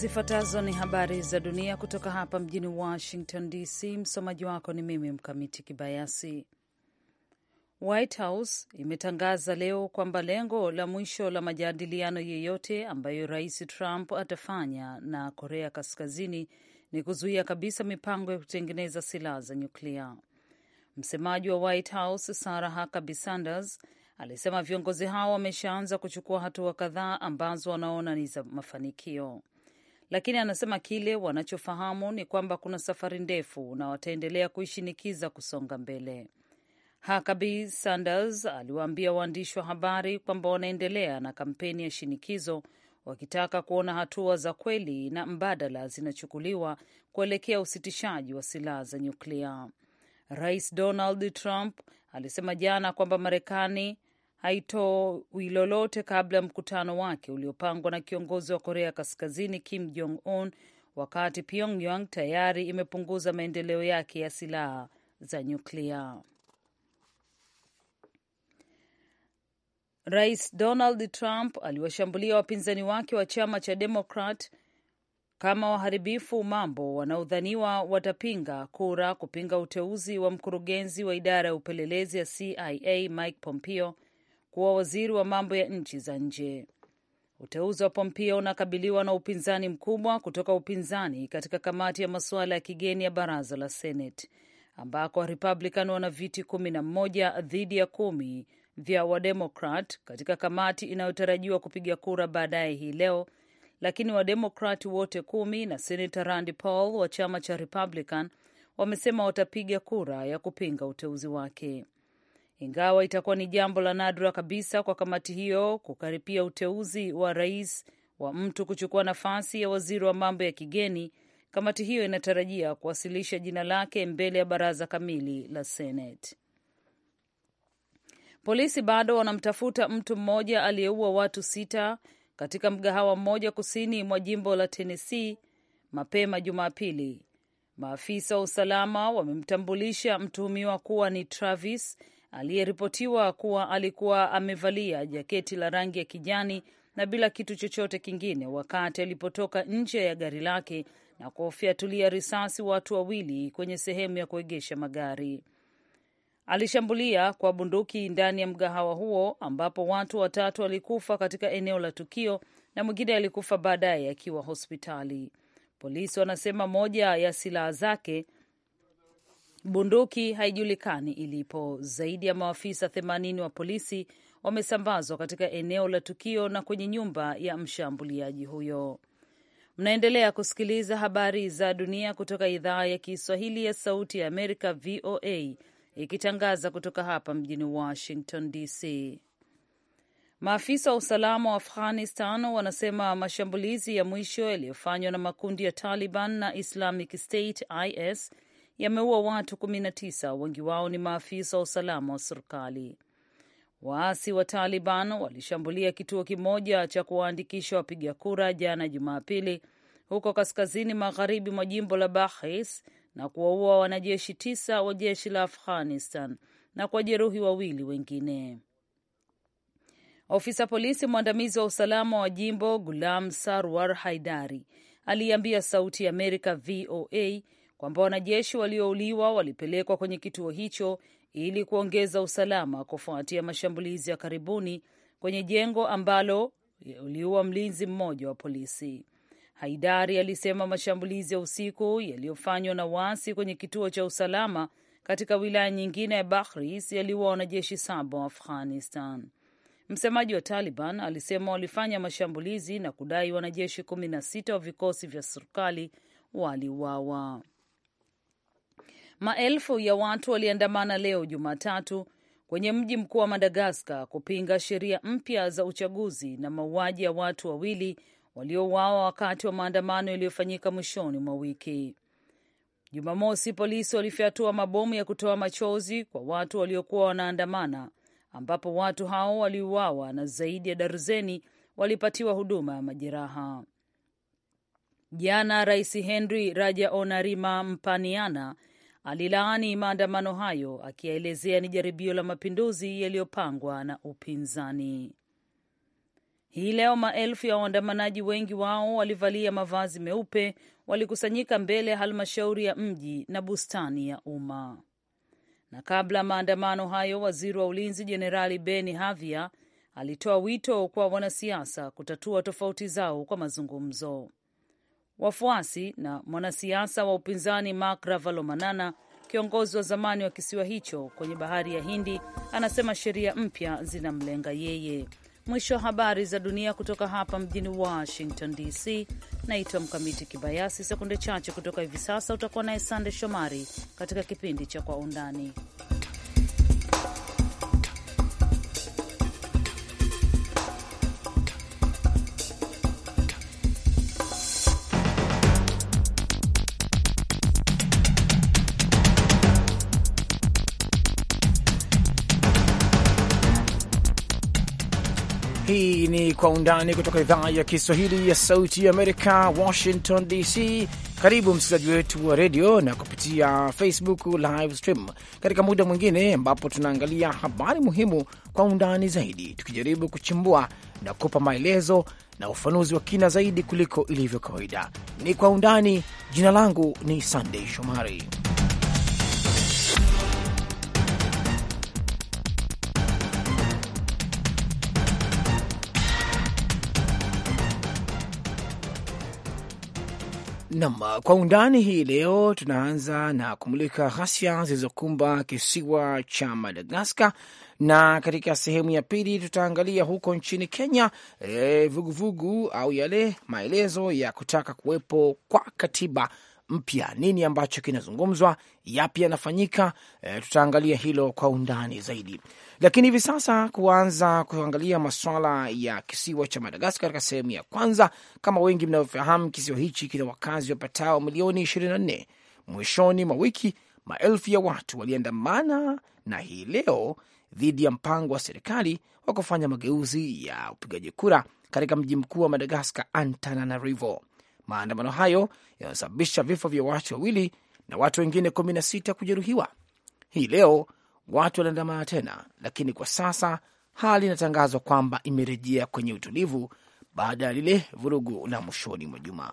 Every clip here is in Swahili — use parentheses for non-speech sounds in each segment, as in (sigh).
Zifuatazo ni habari za dunia kutoka hapa mjini Washington DC. Msomaji wako ni mimi Mkamiti Kibayasi. White House imetangaza leo kwamba lengo la mwisho la majadiliano yeyote ambayo Rais Trump atafanya na Korea Kaskazini ni kuzuia kabisa mipango ya kutengeneza silaha za nyuklia. Msemaji wa White House Sarah Huckabee Sanders alisema viongozi hao wameshaanza kuchukua hatua kadhaa ambazo wanaona ni za mafanikio lakini anasema kile wanachofahamu ni kwamba kuna safari ndefu na wataendelea kuishinikiza kusonga mbele. Huckabee Sanders aliwaambia waandishi wa habari kwamba wanaendelea na kampeni ya shinikizo wakitaka kuona hatua za kweli na mbadala zinachukuliwa kuelekea usitishaji wa silaha za nyuklia. Rais Donald Trump alisema jana kwamba Marekani haitowi lolote kabla ya mkutano wake uliopangwa na kiongozi wa Korea Kaskazini Kim Jong Un, wakati Pyongyang tayari imepunguza maendeleo yake ya silaha za nyuklia. Rais Donald Trump aliwashambulia wapinzani wake wa chama cha Demokrat kama waharibifu mambo wanaodhaniwa watapinga kura kupinga uteuzi wa mkurugenzi wa idara ya upelelezi ya CIA Mike Pompeo kuwa waziri wa mambo ya nchi za nje. Uteuzi wa Pompeo unakabiliwa na upinzani mkubwa kutoka upinzani katika kamati ya masuala ya kigeni ya baraza la Senate ambako Republican wana viti kumi na mmoja dhidi ya kumi vya Wademokrat katika kamati inayotarajiwa kupiga kura baadaye hii leo, lakini Wademokrat wote kumi na Senata Rand Paul wa chama cha Republican wamesema watapiga kura ya kupinga uteuzi wake ingawa itakuwa ni jambo la nadra kabisa kwa kamati hiyo kukaripia uteuzi wa rais wa mtu kuchukua nafasi ya waziri wa mambo ya kigeni. Kamati hiyo inatarajia kuwasilisha jina lake mbele ya baraza kamili la Seneti. Polisi bado wanamtafuta mtu mmoja aliyeua watu sita katika mgahawa mmoja kusini mwa jimbo la Tennessee mapema Jumapili. Maafisa wa usalama wamemtambulisha mtuhumiwa kuwa ni Travis aliyeripotiwa kuwa alikuwa amevalia jaketi la rangi ya kijani na bila kitu chochote kingine wakati alipotoka nje ya gari lake na kuwafyatulia risasi watu wawili kwenye sehemu ya kuegesha magari. Alishambulia kwa bunduki ndani ya mgahawa huo ambapo watu watatu walikufa katika eneo la tukio na mwingine alikufa baadaye akiwa hospitali. Polisi wanasema moja ya silaha zake Bunduki haijulikani ilipo. Zaidi ya maafisa 80 wa polisi wamesambazwa katika eneo la tukio na kwenye nyumba ya mshambuliaji huyo. Mnaendelea kusikiliza habari za dunia kutoka idhaa ya Kiswahili ya Sauti ya Amerika, VOA, ikitangaza kutoka hapa mjini Washington DC. Maafisa wa usalama wa Afghanistan wanasema mashambulizi ya mwisho yaliyofanywa na makundi ya Taliban na Islamic State, IS, yameua watu 19, wengi wao ni maafisa wa usalama wa serikali. Waasi wa Taliban walishambulia kituo kimoja cha kuwaandikisha wapiga kura jana Jumapili huko kaskazini magharibi mwa jimbo la Bahis na kuwaua wanajeshi tisa wa jeshi la Afghanistan na jeruhi wawili wengine. Ofisa polisi mwandamizi wa usalama wa jimbo Gulam Sarwar Haidari aliambia Sauti ya Amerika VOA kwamba wanajeshi waliouliwa walipelekwa kwenye kituo hicho ili kuongeza usalama kufuatia mashambulizi ya karibuni kwenye jengo ambalo uliua mlinzi mmoja wa polisi. Haidari alisema mashambulizi ya usiku yaliyofanywa na waasi kwenye kituo cha usalama katika wilaya nyingine ya Bahris yaliua wanajeshi saba wa Afghanistan. Msemaji wa Taliban alisema walifanya mashambulizi na kudai wanajeshi kumi na sita wa vikosi vya serikali waliuawa. Maelfu ya watu waliandamana leo Jumatatu kwenye mji mkuu wa Madagaskar kupinga sheria mpya za uchaguzi na mauaji ya watu wawili waliouawa wakati wa maandamano yaliyofanyika mwishoni mwa wiki. Jumamosi, polisi walifyatua mabomu ya kutoa machozi kwa watu waliokuwa wanaandamana, ambapo watu hao waliuawa na zaidi ya darzeni walipatiwa huduma ya majeraha. Jana Rais Henry onarima Mpaniana alilaani maandamano hayo akiyaelezea ni jaribio la mapinduzi yaliyopangwa na upinzani. Hii leo maelfu ya waandamanaji, wengi wao walivalia mavazi meupe, walikusanyika mbele ya halmashauri ya mji na bustani ya umma. Na kabla maandamano hayo, waziri wa ulinzi Jenerali Beni Havia alitoa wito kwa wanasiasa kutatua tofauti zao kwa mazungumzo. Wafuasi na mwanasiasa wa upinzani Marc Ravalomanana, kiongozi wa zamani wa kisiwa hicho kwenye bahari ya Hindi, anasema sheria mpya zinamlenga yeye. Mwisho wa habari za dunia kutoka hapa mjini Washington DC. Naitwa Mkamiti Kibayasi. Sekunde chache kutoka hivi sasa utakuwa naye Sande Shomari katika kipindi cha Kwa Undani. hii ni Kwa Undani kutoka idhaa ya Kiswahili ya Sauti Amerika, Washington DC. Karibu msikilizaji wetu wa redio na kupitia Facebook live stream katika muda mwingine, ambapo tunaangalia habari muhimu kwa undani zaidi, tukijaribu kuchimbua na kupa maelezo na ufanuzi wa kina zaidi kuliko ilivyo kawaida. Ni Kwa Undani. Jina langu ni Sandei Shomari. Nam kwa undani hii leo, tunaanza na kumulika ghasia zilizokumba kisiwa cha Madagaskar, na katika sehemu ya pili tutaangalia huko nchini Kenya eh, vuguvugu e, vugu, au yale maelezo ya kutaka kuwepo kwa katiba mpya, nini ambacho kinazungumzwa, yapi yanafanyika. E, tutaangalia hilo kwa undani zaidi, lakini hivi sasa kuanza kuangalia maswala ya kisiwa cha Madagaskar katika sehemu ya kwanza. Kama wengi mnavyofahamu, kisiwa hichi kina wakazi wapatao milioni 24. Mwishoni mwa wiki maelfu ya watu waliandamana na hii leo dhidi ya mpango wa serikali wa kufanya mageuzi ya upigaji kura katika mji mkuu wa Madagaskar, Antananarivo. Maandamano hayo yanasababisha vifo vya watu wawili na watu wengine kumi na sita kujeruhiwa. Hii leo watu waliandamana tena, lakini kwa sasa hali inatangazwa kwamba imerejea kwenye utulivu baada ya lile vurugu la mwishoni mwa juma.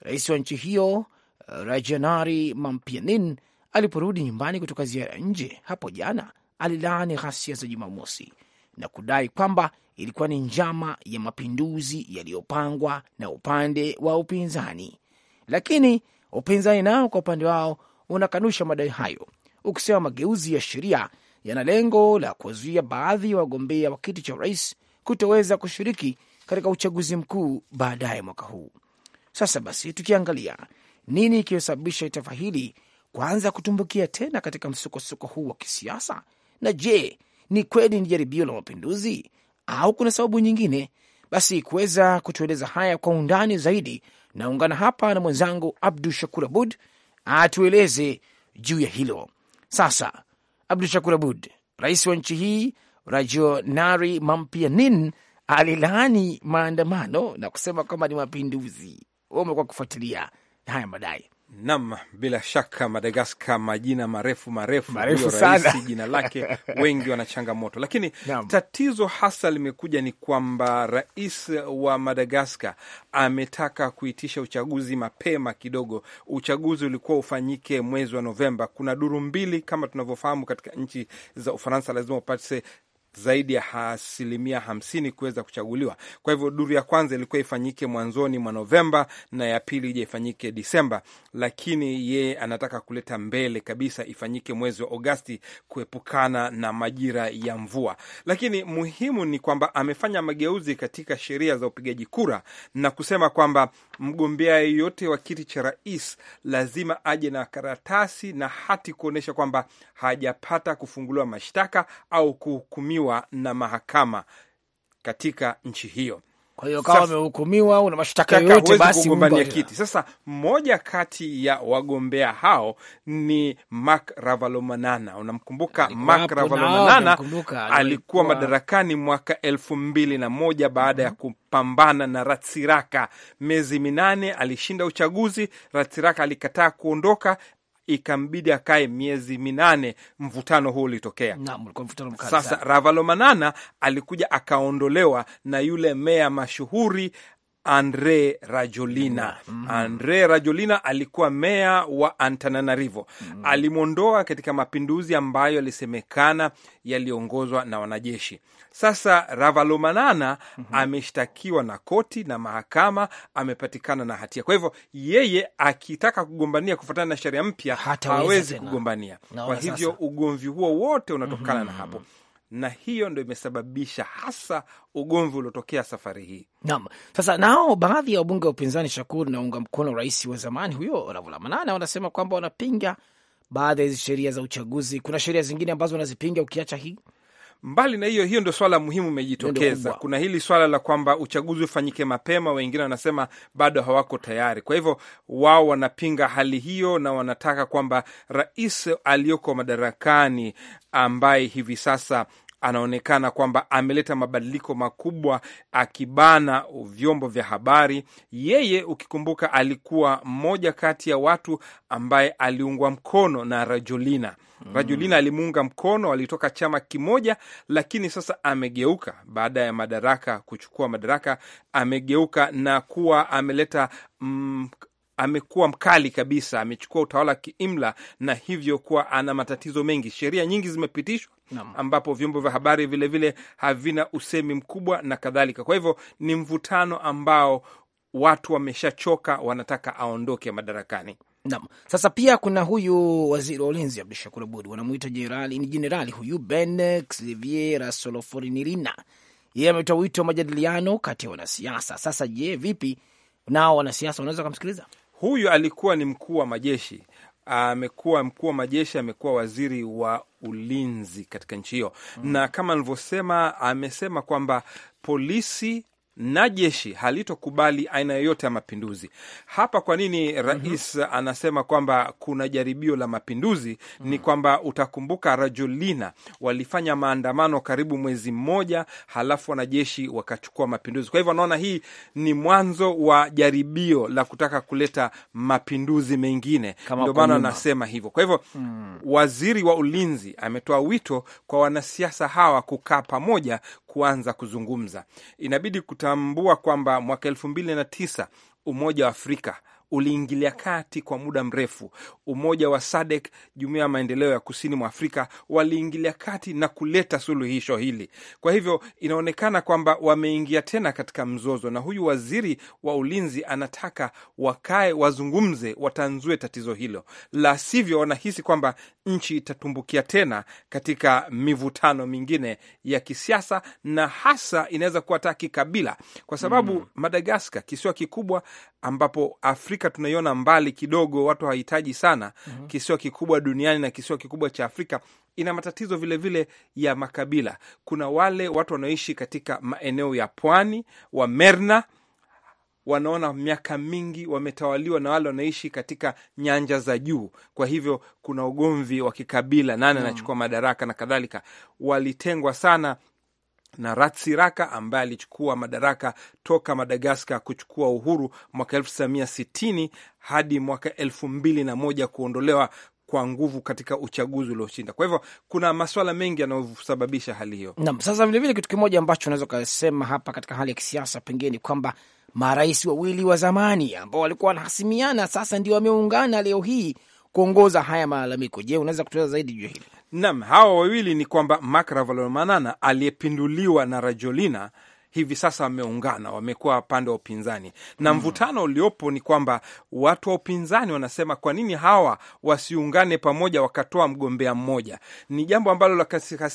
Rais wa nchi hiyo Rajanari Mampianin aliporudi nyumbani kutoka ziara nje hapo jana, alilaani ghasia za Jumamosi na kudai kwamba ilikuwa ni njama ya mapinduzi yaliyopangwa na upande wa upinzani, lakini upinzani nao kwa upande wao unakanusha madai hayo, ukisema mageuzi ya sheria yana lengo la kuwazuia baadhi ya wagombea wa kiti cha urais kutoweza kushiriki katika uchaguzi mkuu baadaye mwaka huu. Sasa basi, tukiangalia nini ikiyosababisha taifa hili kuanza kutumbukia tena katika msukosuko huu wa kisiasa, na je, ni kweli ni jaribio la mapinduzi au kuna sababu nyingine? Basi kuweza kutueleza haya kwa undani zaidi, naungana hapa na mwenzangu Abdu Shakur Abud atueleze juu ya hilo. Sasa Abdu Shakur Abud, rais wa nchi hii Rajonari Mampianin alilaani maandamano na kusema kwamba ni mapinduzi. Umekuwa kufuatilia haya madai? Nam, bila shaka Madagaskar, majina marefu marefu, marefu rais jina lake (laughs) wengi wana changamoto, lakini Nam. tatizo hasa limekuja ni kwamba rais wa Madagaskar ametaka kuitisha uchaguzi mapema kidogo. Uchaguzi ulikuwa ufanyike mwezi wa Novemba. Kuna duru mbili kama tunavyofahamu, katika nchi za Ufaransa lazima upate zaidi ya asilimia hamsini kuweza kuchaguliwa. Kwa hivyo duru ya kwanza ilikuwa ifanyike mwanzoni mwa Novemba na ya pili ija ifanyike Disemba, lakini yeye anataka kuleta mbele kabisa ifanyike mwezi wa Agosti kuepukana na majira ya mvua. Lakini muhimu ni kwamba amefanya mageuzi katika sheria za upigaji kura na kusema kwamba mgombea yeyote wa kiti cha rais lazima aje na karatasi na hati kuonyesha kwamba hajapata kufunguliwa mashtaka au kuhukumiwa na mahakama katika nchi hiyo. Kwa hiyo kama amehukumiwa, una mashtaka yoyote, basi mgombania kiti. Sasa mmoja kati ya wagombea hao ni Marc Ravalomanana. Unamkumbuka Marc Ravalomanana? Alikuwa madarakani mwaka elfu mbili na moja baada mm -hmm. ya mhm. kupambana na Ratsiraka miezi minane. Alishinda uchaguzi, Ratsiraka alikataa kuondoka, ikambidi akae miezi minane. Mvutano huo ulitokea sasa. Ravalomanana alikuja akaondolewa na yule meya mashuhuri Andre Rajolina. mm -hmm. Andre Rajolina alikuwa meya wa Antananarivo. mm -hmm. Alimwondoa katika mapinduzi ambayo yalisemekana yaliongozwa na wanajeshi. Sasa Ravalomanana mm -hmm. ameshtakiwa na koti na mahakama, amepatikana na hatia. Kwa hivyo yeye akitaka kugombania kufuatana na sheria mpya hawezi kugombania. Kwa hivyo ugomvi huo wote unatokana mm -hmm. na mm-hmm. hapo na hiyo ndo imesababisha hasa ugomvi uliotokea safari hii. Naam, sasa nao baadhi ya wabunge wa upinzani Shakur na unga mkono rais wa zamani huyo Ravula wanasema kwamba wanapinga baadhi ya hizi sheria za uchaguzi. Kuna sheria zingine ambazo wanazipinga ukiacha hii Mbali na hiyo, hiyo ndio swala muhimu imejitokeza. Kuna hili swala la kwamba uchaguzi ufanyike mapema, wengine wanasema bado hawako tayari. Kwa hivyo wao wanapinga hali hiyo na wanataka kwamba rais aliyoko madarakani ambaye hivi sasa anaonekana kwamba ameleta mabadiliko makubwa akibana vyombo vya habari. Yeye ukikumbuka, alikuwa mmoja kati ya watu ambaye aliungwa mkono na Rajulina. Hmm. Rajulina alimuunga mkono, alitoka chama kimoja, lakini sasa amegeuka baada ya madaraka kuchukua madaraka, amegeuka na kuwa ameleta mm, amekuwa mkali kabisa, amechukua utawala wa kiimla na hivyo kuwa ana matatizo mengi. Sheria nyingi zimepitishwa ambapo vyombo vya habari vilevile vile havina usemi mkubwa na kadhalika. Kwa hivyo ni mvutano ambao watu wameshachoka, wanataka aondoke madarakani. Naam, sasa pia kuna huyu waziri wa ulinzi Abdu Shakur Abud, wanamuita jenerali, ni jenerali huyu Ben Xavier Rasoloforinirina. Yeye ametoa wito wa majadiliano kati ya wanasiasa. Sasa je, vipi nao wanasiasa wanaweza wakamsikiliza? Huyu alikuwa ni mkuu wa majeshi, amekuwa mkuu wa majeshi, amekuwa waziri wa ulinzi katika nchi hiyo, mm. na kama alivyosema, amesema kwamba polisi na jeshi halitokubali aina yoyote ya mapinduzi. Hapa kwa nini rais mm -hmm. anasema kwamba kuna jaribio la mapinduzi mm -hmm. ni kwamba utakumbuka, Rajulina walifanya maandamano karibu mwezi mmoja, halafu wanajeshi wakachukua mapinduzi. Kwa hivyo anaona hii ni mwanzo wa jaribio la kutaka kuleta mapinduzi mengine, ndio maana anasema hivyo. Kwa hivyo mm -hmm. waziri wa ulinzi ametoa wito kwa wanasiasa hawa kukaa pamoja kuanza kuzungumza. Inabidi kutambua kwamba mwaka elfu mbili na tisa Umoja wa Afrika uliingilia kati kwa muda mrefu. Umoja wa SADC, jumuiya ya maendeleo ya kusini mwa Afrika, waliingilia kati na kuleta suluhisho hili. Kwa hivyo inaonekana kwamba wameingia tena katika mzozo, na huyu waziri wa ulinzi anataka wakae, wazungumze, watanzue tatizo hilo, la sivyo wanahisi kwamba nchi itatumbukia tena katika mivutano mingine ya kisiasa, na hasa inaweza kuwa hata kikabila, kwa sababu mm, Madagaskar kisiwa kikubwa ambapo Afrika tunaiona mbali kidogo, watu hawahitaji sana mm -hmm. Kisiwa kikubwa duniani na kisiwa kikubwa cha Afrika ina matatizo vilevile vile ya makabila. Kuna wale watu wanaoishi katika maeneo ya pwani wa Merna wanaona miaka mingi wametawaliwa na wale wanaishi katika nyanja za juu. Kwa hivyo kuna ugomvi wa kikabila, nani mhm. anachukua madaraka na kadhalika. Walitengwa sana na Ratsiraka ambaye alichukua madaraka toka Madagaskar kuchukua uhuru mwaka 1960 hadi mwaka 2001 kuondolewa kwa nguvu katika uchaguzi ulioshinda. Kwa hivyo kuna maswala mengi yanayosababisha hali hiyo. Naam, sasa vilevile kitu kimoja ambacho unaweza ukasema hapa katika hali ya kisiasa pengine ni kwamba marais wawili wa zamani ambao walikuwa wanahasimiana sasa ndio wameungana leo hii kuongoza haya malalamiko. Je, unaweza kutueleza zaidi juu hili? Naam, hawa wawili ni kwamba Marc Ravalomanana aliyepinduliwa na Rajolina hivi sasa wameungana, wamekuwa pande wa upinzani na mm. mvutano uliopo ni kwamba watu wa upinzani wanasema kwa nini hawa wasiungane pamoja wakatoa mgombea mmoja? Ni jambo ambalo la katika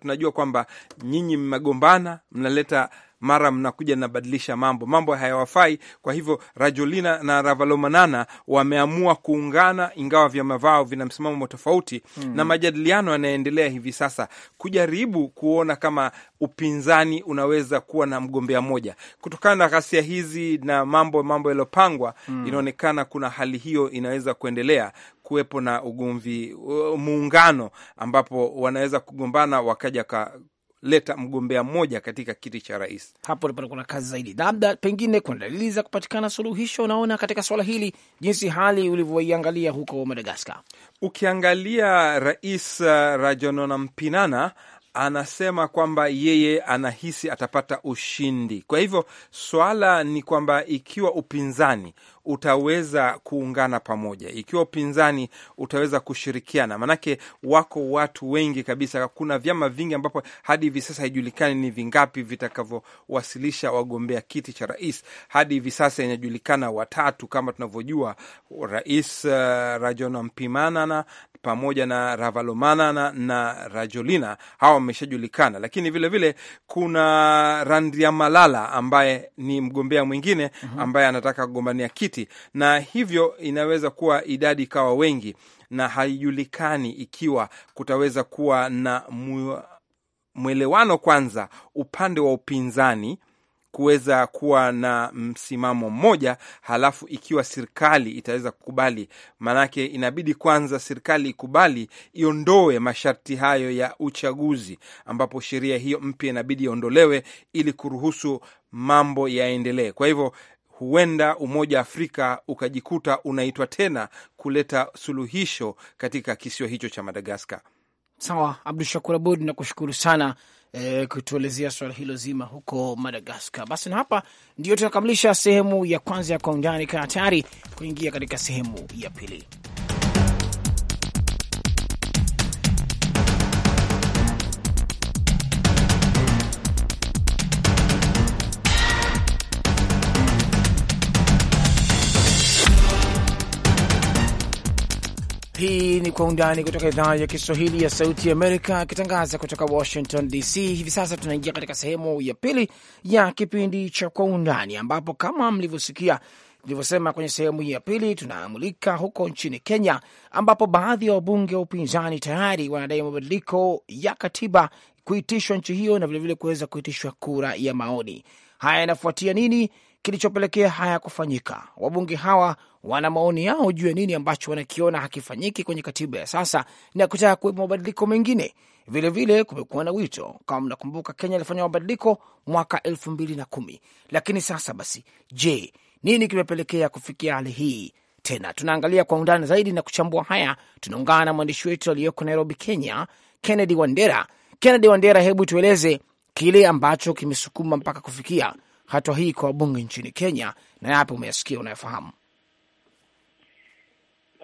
tunajua kwamba nyinyi mmegombana, mnaleta mara mnakuja nabadilisha mambo, mambo hayawafai. Kwa hivyo Rajolina na Ravalomanana wameamua kuungana, ingawa vyama vao vina msimamo tofauti mm. na majadiliano yanaendelea hivi sasa kujaribu kuona kama upinzani unaweza kuwa na mgombea moja. Kutokana na ghasia hizi na mambo mambo yaliyopangwa mm. inaonekana kuna hali hiyo inaweza kuendelea kuwepo na ugomvi uh, muungano ambapo wanaweza kugombana wakaja ka leta mgombea mmoja katika kiti cha rais. Hapo ndipo kuna kazi zaidi, labda pengine kuna dalili za kupatikana suluhisho. Unaona, katika swala hili jinsi hali ulivyoiangalia huko Madagaskar, ukiangalia Rais uh, Rajonona Mpinana anasema kwamba yeye anahisi atapata ushindi. Kwa hivyo swala ni kwamba ikiwa upinzani utaweza kuungana pamoja, ikiwa upinzani utaweza kushirikiana, maanake wako watu wengi kabisa. Kuna vyama vingi ambapo hadi hivi sasa haijulikani ni vingapi vitakavyowasilisha wagombea kiti cha rais. Hadi hivi sasa inajulikana watatu, kama tunavyojua, Rais uh, Mpimanana pamoja na Ravalomana na Rajolina, hawa wameshajulikana, lakini vilevile vile, kuna Randriamalala ambaye ni mgombea mwingine mhm. ambaye anataka kugombania kiti, na hivyo inaweza kuwa idadi ikawa wengi na haijulikani ikiwa kutaweza kuwa na mwelewano kwanza upande wa upinzani kuweza kuwa na msimamo mmoja, halafu ikiwa serikali itaweza kukubali, maanake inabidi kwanza serikali ikubali iondoe masharti hayo ya uchaguzi, ambapo sheria hiyo mpya inabidi iondolewe ili kuruhusu mambo yaendelee. Kwa hivyo huenda Umoja wa Afrika ukajikuta unaitwa tena kuleta suluhisho katika kisiwa hicho cha Madagaskar. Sawa, Abdu Shakur Abud, nakushukuru sana eh, kutuelezea swala hilo zima huko Madagaskar. Basi na hapa ndio tunakamilisha sehemu ya kwanza ya Kwa Undani. Kaa tayari kuingia katika sehemu ya pili. Hii ni Kwa Undani kutoka idhaa ya Kiswahili ya Sauti Amerika, akitangaza kutoka Washington DC. Hivi sasa tunaingia katika sehemu ya pili ya kipindi cha Kwa Undani, ambapo kama mlivyosikia, ilivyosema kwenye sehemu hii ya pili, tunaamulika huko nchini Kenya, ambapo baadhi ya wabunge wa upinzani tayari wanadai mabadiliko ya katiba kuitishwa nchi hiyo na vilevile kuweza kuitishwa kura ya maoni. Haya yanafuatia nini? kilichopelekea haya kufanyika. Wabunge hawa wana maoni yao juu ya nini ambacho wanakiona hakifanyiki kwenye katiba ya sasa na kutaka kuwepo mabadiliko mengine. Vilevile kumekuwa na wito, kama mnakumbuka, Kenya ilifanya mabadiliko mwaka elfu mbili na kumi. Lakini sasa basi, je, nini kimepelekea kufikia hali hii? Tena tunaangalia kwa undani zaidi na kuchambua haya, tunaungana na mwandishi wetu aliyoko Nairobi, Kenya, Kennedy Wandera. Kennedy Wandera, hebu tueleze kile ambacho kimesukuma mpaka kufikia hatua hii kwa wabunge nchini Kenya, na yapi umeyasikia unayofahamu?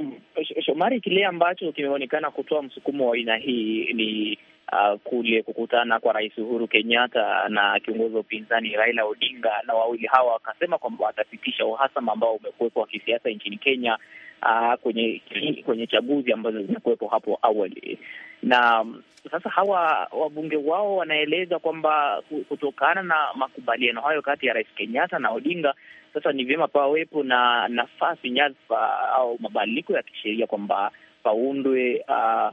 Mm, Shomari, kile ambacho kimeonekana kutoa msukumo wa aina hii ni uh, kule kukutana kwa Rais Uhuru Kenyatta na kiongozi wa upinzani Raila Odinga, na wawili hawa wakasema kwamba watapitisha uhasama ambao umekuwepo wa kisiasa nchini Kenya uh, kwenye kwenye chaguzi ambazo zimekuwepo hapo awali. Na um, sasa hawa wabunge wao wanaeleza kwamba kutokana na makubaliano hayo kati ya Rais Kenyatta na Odinga, sasa ni vyema pawepo na nafasi, nyadhifa au mabadiliko ya kisheria kwamba paundwe uh,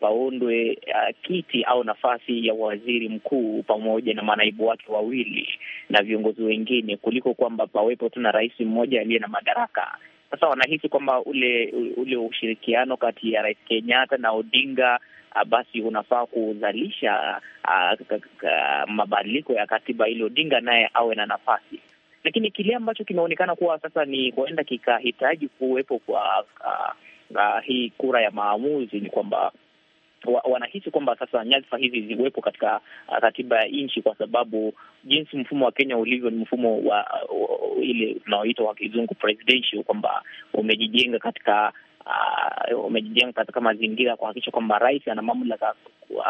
paundwe uh, kiti au nafasi ya waziri mkuu pamoja na manaibu wake wawili na viongozi wengine kuliko kwamba pawepo tu na rais mmoja aliye na madaraka. Sasa wanahisi kwamba ule ule ushirikiano kati ya Rais Kenyatta na Odinga ah, basi unafaa kuzalisha ah, mabadiliko ya katiba ili Odinga naye awe na nafasi, lakini kile ambacho kimeonekana kuwa sasa ni huenda kikahitaji kuwepo kwa a, ah, a, hii kura ya maamuzi ni kwamba wanahisi kwamba sasa nyadhifa hizi ziwepo katika katiba uh, ya nchi, kwa sababu jinsi mfumo wa Kenya ulivyo ni mfumo wa, uh, ile unaoitwa wa kizungu presidential, kwamba umejijenga katika Uh, umejijenga katika mazingira ya kuhakikisha kwamba rais ana mamlaka uh,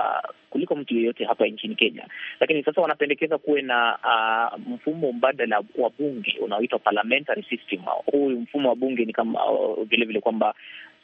kuliko mtu yeyote hapa nchini Kenya. Lakini sasa wanapendekeza kuwe na uh, mfumo mbadala wa bunge unaoitwa parliamentary system. Huu mfumo wa bunge ni kama vilevile uh, kwamba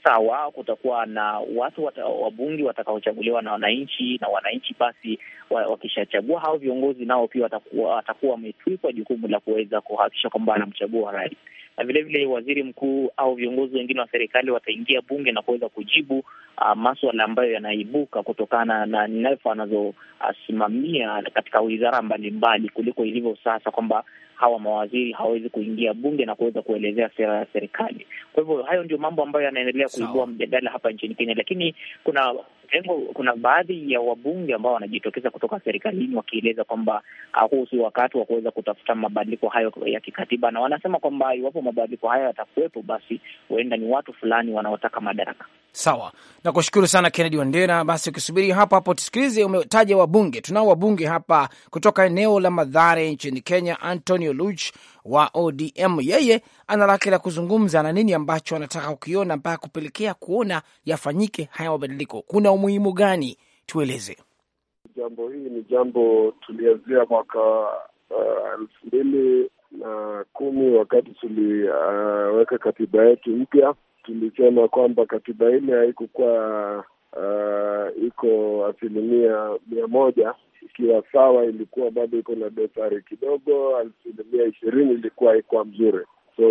sawa, kutakuwa na watu wata, wabungi watakaochaguliwa na wananchi, na wananchi basi wakishachagua hao viongozi nao pia watakuwa wametwikwa jukumu la kuweza kuhakikisha kwamba anamchagua rais na vilevile waziri mkuu au viongozi wengine wa serikali wataingia bunge na kuweza kujibu uh, maswala ambayo yanaibuka kutokana na nyadhifa anazosimamia katika wizara mbalimbali, kuliko ilivyo sasa kwamba hawa mawaziri hawawezi kuingia bunge na kuweza kuelezea sera ya serikali. Kwa hivyo hayo ndio mambo ambayo yanaendelea kuibua mjadala hapa nchini Kenya, lakini kuna Lengo, kuna baadhi ya wabunge ambao wanajitokeza kutoka serikalini wakieleza kwamba huu si wakati wa kuweza kutafuta mabadiliko hayo ya kikatiba, na wanasema kwamba iwapo mabadiliko hayo yatakuwepo, basi huenda ni watu fulani wanaotaka madaraka. Sawa, na kushukuru sana Kennedy Wandera. Basi ukisubiri hapo hapo tusikilize, umetaja wabunge. Tunao wabunge hapa kutoka eneo la Madhare nchini Kenya, Antonio Luch wa ODM yeye ana lake la kuzungumza na nini ambacho anataka kukiona mpaka kupelekea kuona yafanyike haya mabadiliko. Kuna umuhimu gani? Tueleze. Jambo hili ni jambo tulianzia mwaka uh, elfu uh, mbili na kumi wakati tuliweka uh, katiba yetu mpya. Tulisema kwamba katiba ile haikukuwa uh, iko asilimia mia moja ikiwa sawa, ilikuwa bado iko na dosari kidogo, asilimia ishirini ilikuwa ikwa mzuri. So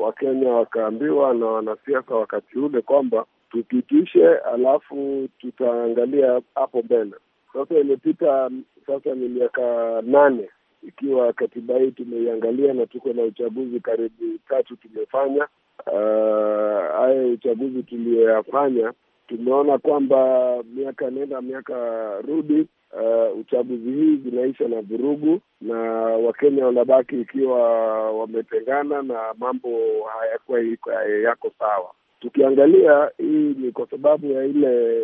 Wakenya wakaambiwa na wanasiasa wakati ule kwamba tupitishe, alafu tutaangalia hapo mbele. Sasa imepita sasa ni miaka nane ikiwa katiba hii tumeiangalia na tuko na uchaguzi karibu tatu tumefanya. Ah, haya uh, uchaguzi tuliyoyafanya tumeona kwamba miaka nenda miaka rudi, uh, uchaguzi hii zinaisha na vurugu, na Wakenya wanabaki ikiwa wametengana na mambo hayakuwa yako sawa. Tukiangalia hii ni kwa sababu ya ile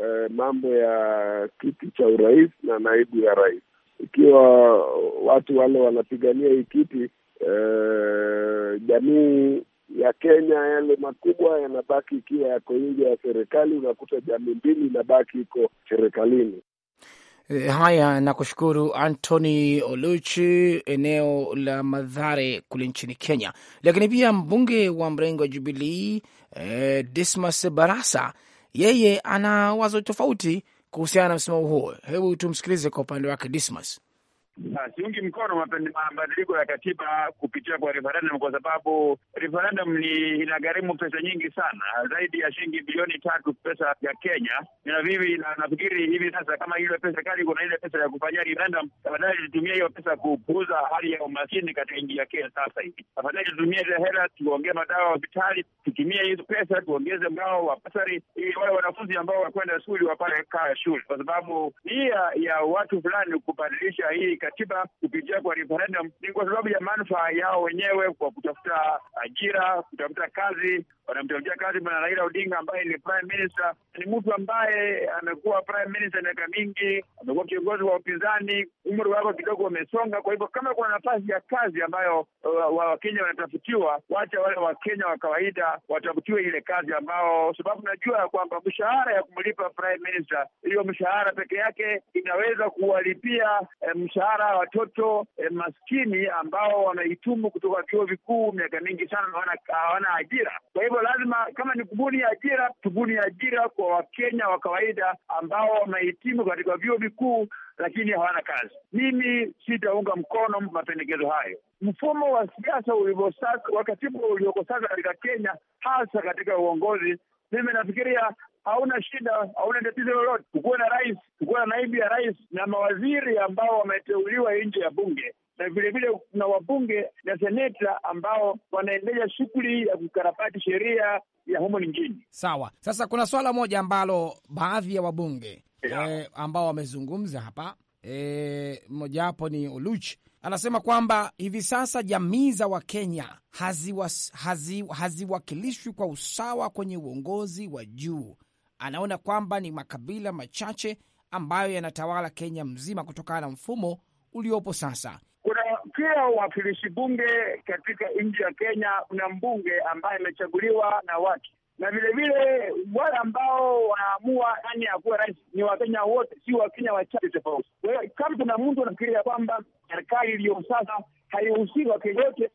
uh, mambo ya kiti cha urais na naibu ya rais. Ikiwa watu wale wanapigania hii kiti, eh, jamii ya Kenya yale makubwa yanabaki ikiwa yako nje ya serikali, unakuta jamii mbili inabaki iko serikalini. E, haya nakushukuru Anthony Oluchi, eneo la Madhare kule nchini Kenya. Lakini pia mbunge wa mrengo wa Jubilii e, eh, Dismas Barasa yeye ana wazo tofauti kuhusiana na msimamo huo. Hebu tumsikilize kwa upande wake Dismas. Ah, siungi mkono mabadiliko ya katiba kupitia kwa referendum kwa sababu referendum ni inagharimu pesa nyingi sana, zaidi ya shilingi bilioni tatu pesa ya Kenya. Na vivi na nafikiri hivi sasa kama ile pesa kali, kuna ile pesa ya kufanyia referendum, tafadhali tutumie hiyo pesa kupuuza hali ya umaskini katika nchi ya Kenya sasa hivi. Tafadhali tutumie ile hela tuongee madawa hospitali, tutumie hizo pesa tuongeze mgao wa basari ili wale wanafunzi ambao wakwenda shule wapate kaa shule, kwa sababu nia ya watu fulani kubadilisha hii katiba kupitia kwa referendum ni kwa sababu ya manufaa yao wenyewe, kwa kutafuta ajira, kutafuta kazi. Wanamtafutia kazi bwana Raila Odinga ambaye ni prime minister, ni mtu ambaye amekuwa prime minister miaka mingi, amekuwa kiongozi wa upinzani, umri wako kidogo wamesonga. Kwa hivyo kama kuna nafasi ya kazi ambayo uh, Wakenya wa wanatafutiwa, wacha wale Wakenya wa kawaida watafutiwe ile kazi ambao, sababu najua ya kwamba mshahara ya kumlipa prime minister, hiyo mshahara peke yake inaweza kuwalipia eh, mshahara biashara, watoto eh, maskini ambao wamehitimu kutoka vyuo vikuu miaka mingi sana hawana ajira. Kwa hivyo lazima, kama ni kubuni ajira, tubuni ajira kwa Wakenya wa kawaida ambao wamehitimu katika vyuo vikuu lakini hawana kazi. Mimi sitaunga mkono mapendekezo hayo. Mfumo wa siasa ulivyo sasa, wakatibu ulioko sasa katika Kenya, hasa katika uongozi, mimi nafikiria hauna shida, hauna tatizo lolote. Tukuwe na rais, tukuwe na naibu ya rais na mawaziri ambao wameteuliwa nje ya bunge na vilevile kuna wabunge na seneta ambao wanaendesha shughuli ya kukarabati sheria ya humo nchini. Sawa. Sasa kuna swala moja ambalo baadhi ya wabunge yeah, eh, ambao wamezungumza hapa mmojawapo eh, ni Oluch anasema kwamba hivi sasa jamii za Wakenya haziwakilishwi hazi, hazi kwa usawa kwenye uongozi wa juu anaona kwamba ni makabila machache ambayo yanatawala Kenya mzima kutokana na mfumo uliopo sasa. Kuna kila uwakilishi bunge katika nchi ya Kenya, kuna mbunge ambaye amechaguliwa na watu, na vilevile wale ambao wanaamua nani akuwa rais ni Wakenya wote, si Wakenya wachache tofauti. Kwa hiyo kama kuna mtu anafikiria kwamba serikali iliyo sasa haihusiki Wakenya wote,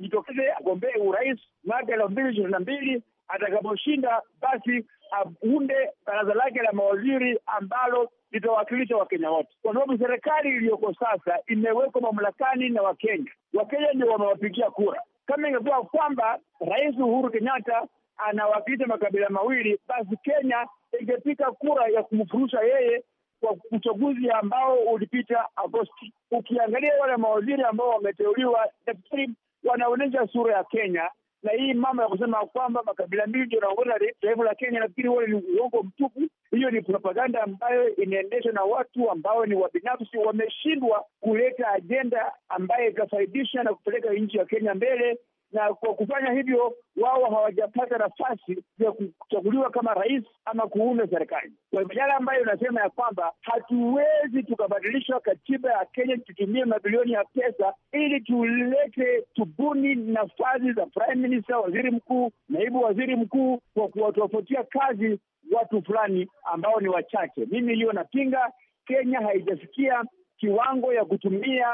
jitokeze agombee urais mwaka elfu mbili ishirini na mbili atakaposhinda basi aunde baraza lake la mawaziri ambalo litawakilisha Wakenya wote, kwa sababu serikali iliyoko sasa imewekwa mamlakani na Wakenya. Wakenya ndio wamewapigia kura. Kama ingekuwa kwamba Rais Uhuru Kenyatta anawakilisha makabila mawili, basi Kenya ingepiga kura ya kumfurusha yeye kwa uchaguzi ambao ulipita Agosti. Ukiangalia wale mawaziri ambao wameteuliwa, daktari, wanaonyesha sura ya Kenya na hii mama ya kusema kwamba makabila mbili ndio naongoza taifa la Kenya, nafikiri huo ni uongo mtupu. Hiyo ni propaganda ambayo inaendeshwa na watu ambao ni wabinafsi, wameshindwa kuleta ajenda ambaye itafaidisha na kupeleka nchi ya Kenya mbele na kwa kufanya hivyo wao hawajapata nafasi ya kuchaguliwa kama rais ama kuunda serikali. Kwa majala ambayo inasema ya kwamba hatuwezi tukabadilisha katiba ya Kenya tutumie mabilioni ya pesa ili tulete tubuni nafasi za prime minister, waziri mkuu, naibu waziri mkuu kwa kuwatofautia kazi watu fulani ambao ni wachache. Mimi iliyo napinga Kenya haijafikia kiwango ya kutumia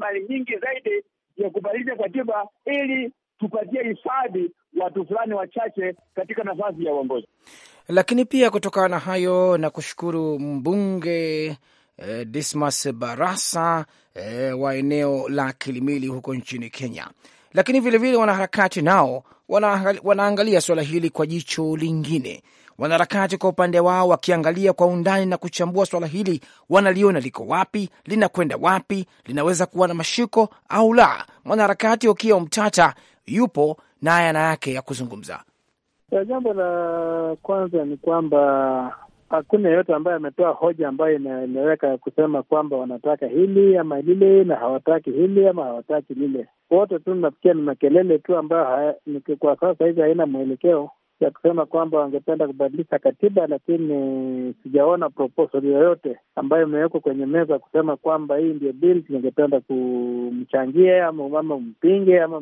mali nyingi zaidi ya kubadilisha katiba ili tupatie hifadhi watu fulani wachache katika nafasi ya uongozi. Lakini pia kutokana na hayo, na kushukuru mbunge eh, Dismas Barasa eh, wa eneo la Kilimili huko nchini Kenya. Lakini vilevile wanaharakati nao wanaangalia suala hili kwa jicho lingine Wanaharakati kwa upande wao, wakiangalia kwa undani na kuchambua swala hili, wanaliona liko wapi, linakwenda wapi, linaweza kuwa na mashiko au la. Mwanaharakati Okiya mtata yupo na ayana yake ya kuzungumza. Jambo la kwanza ni kwamba hakuna yeyote ambaye ametoa hoja ambayo inaeleweka kusema kwamba wanataka hili ama lile na hawataki hili ama hawataki lile. Wote tu nafikia ni makelele tu ambayo kwa sasa hivi haina mwelekeo ya kusema kwamba wangependa kubadilisha katiba, lakini sijaona proposal yoyote ambayo imewekwa kwenye meza kusema kwamba hii ndio bill tungependa kumchangia ama, mama mpinge ama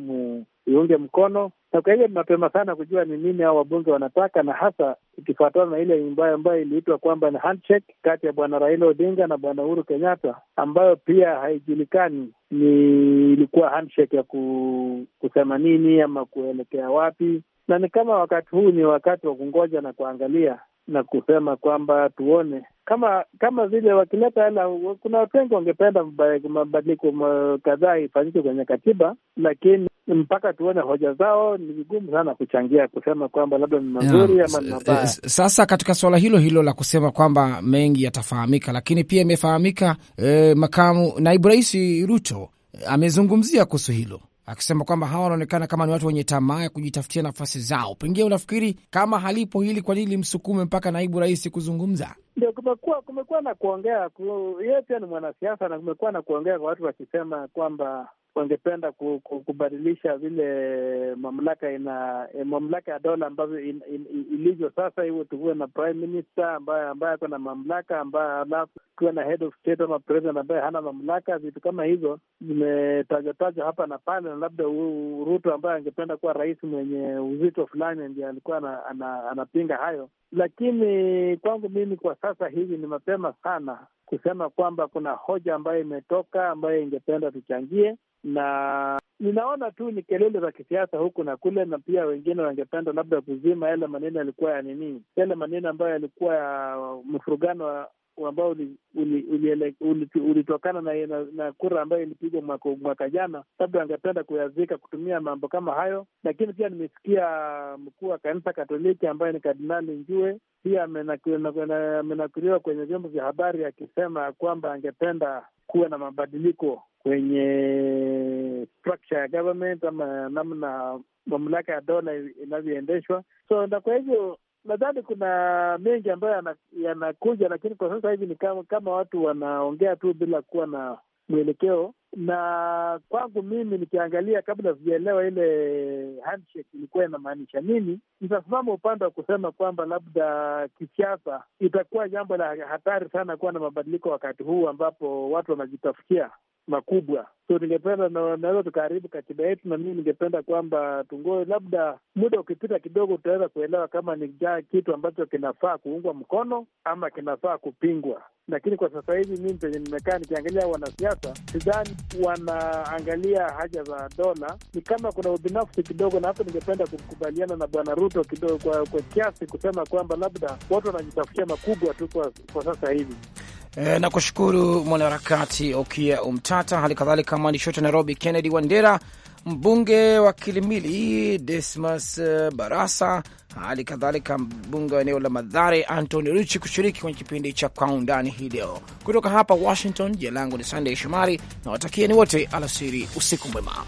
iunge mkono. Na kwa hivyo ni mapema sana kujua ni nini hao wabunge wanataka, na hasa ikifuatana na ile ambayo ambayo iliitwa kwamba ni handshake kati ya bwana Raila Odinga na bwana Uhuru Kenyatta, ambayo pia haijulikani ni ilikuwa handshake ya ku, kusema nini ama kuelekea wapi na ni kama wakati huu ni wakati wa kungoja na kuangalia na kusema kwamba tuone kama kama vile wakileta hela. Kuna watu wengi wangependa mabadiliko kadhaa ifanyike kwenye katiba, lakini mpaka tuone hoja zao ni vigumu sana kuchangia kusema kwamba labda ni mazuri ama ni mabaya. Sasa katika suala hilo hilo la kusema kwamba mengi yatafahamika, lakini pia imefahamika eh, makamu naibu rais Ruto eh, amezungumzia kuhusu hilo akisema kwamba hawa wanaonekana kama ni watu wenye tamaa ya kujitafutia nafasi zao. Pengine unafikiri kama halipo hili, kwa nini limsukume mpaka naibu rais kuzungumza? Ndio kumekuwa kumekuwa na kuongea, yeye pia ni mwanasiasa, na kumekuwa na kuongea kwa watu wakisema kwamba wangependa kubadilisha vile mamlaka ina eh, mamlaka ya dola ambavyo in, in, in, ilivyo sasa, iwe tukuwe na prime minister ambaye ambaye ako na mamlaka ambaye, alafu tukiwe na head of state ama president ambaye hana mamlaka. Vitu kama hizo zimetajwatajwa hapa na pale, na labda Ruto ambaye angependa kuwa rais mwenye uzito fulani, ndio alikuwa anapinga hayo. Lakini kwangu mimi kwa sasa hivi ni mapema sana kusema kwamba kuna hoja ambayo imetoka ambayo ingependa tuchangie na ninaona tu ni kelele za kisiasa huku na kule, na pia wengine wangependa labda kuzima yale maneno yalikuwa ya nini, yale maneno ambayo yalikuwa ya mfurugano ambao ulitokana na, na, na kura ambayo ilipigwa mwaka, mwaka jana, labda wangependa kuyazika kutumia mambo kama hayo. Lakini pia nimesikia mkuu wa kanisa Katoliki ambaye ni Kardinali Njue pia amenakuliwa kwenye vyombo vya habari akisema kwamba angependa kuwe na mabadiliko kwenye structure ya government ama namna mamlaka ya dola inavyoendeshwa. So na kwa hivyo nadhani kuna mengi ambayo yanakuja, lakini kwa sasa hivi ni kama, kama watu wanaongea tu bila kuwa na mwelekeo. Na kwangu mimi nikiangalia, kabla sijaelewa ile handshake ilikuwa inamaanisha nini, nitasimama upande wa kusema kwamba labda kisiasa itakuwa jambo la hatari sana kuwa na mabadiliko wakati huu ambapo watu wanajitafutia makubwa. So ningependa naweza tukaharibu katiba yetu, na mimi ningependa kwamba tungoe, labda muda ukipita kidogo, utaweza kuelewa kama ni jaa kitu ambacho kinafaa kuungwa mkono ama kinafaa kupingwa. Lakini kwa sasa hivi mimi penye nimekaa nikiangalia wanasiasa, sidhani wanaangalia haja za dola, ni kama kuna ubinafsi kidogo, na hapo ningependa kukubaliana na Bwana Ruto kidogo kwa, kwa kiasi kusema kwamba labda watu wanajitafutia makubwa tu kwa, kwa sasa hivi. E, eh, na kushukuru mwanaharakati Okia Umtata, hali kadhalika mwandishi wetu Nairobi Kennedy Wandera, mbunge wa Kilimili Desmas eh, Barasa, hali kadhalika mbunge wa eneo la Madhare Antony Ruchi kushiriki kwenye kipindi cha Kwa Undani hii leo kutoka hapa Washington. Jina langu ni Sandey Shomari na watakieni wote alasiri, usiku mwema.